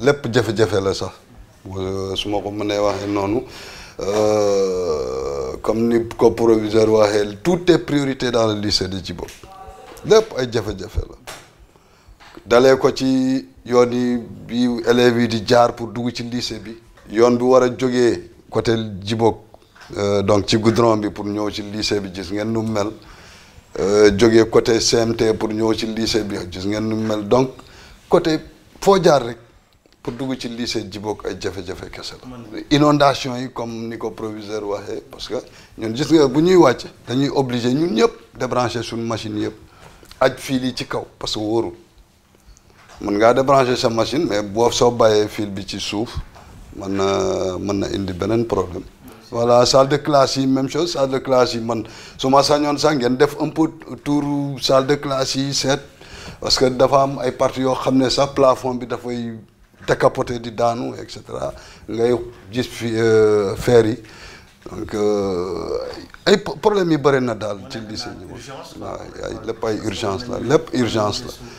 lépp jafe-jafe la sax su ma ko mënee waxee noonu euh, comme ni ko proviseur waxee tout est priorité dans le lycée de Djibok lépp ay jafe-jafe la dalee ko ci yoon yi bi élèves yi di jaar pour dugg ci lycée bi yoon bi war a jógee côté Djibok euh, donc ci goudron bi pour ñëw ci lycée bi gis ngeen nu mel euh, jógee côté CMT pour ñëw ci lycée bi gis ngeen nu mel donc côté foo jaar rek pour dougu ci lycée Djibok ay jafé jafé kese la. inondation yi comme ni ko proviseur waxee parce que ñun gis nga bu ñuy wàcc dañuy obligé ñun ñëpp débrancher suñu machine yëpp aj fi li ci kaw parce que worul mën nga débrancher sa machine mais bo so bayé fil bi ci souf man man na indi benen problème. voilà salle de classe yi même chose salle de classe yi man su sañon sa sax ngeen def un peu tour salle de classe yi set parce que dafa am ay parties yo xamné sa plafond bi dafay. te capoté di daanu et cetera ngay gis fi euh, feer yi donc euh, ay problème yi bëri na daal ci lycée bi waaw ay lépp ay la lépp urgence la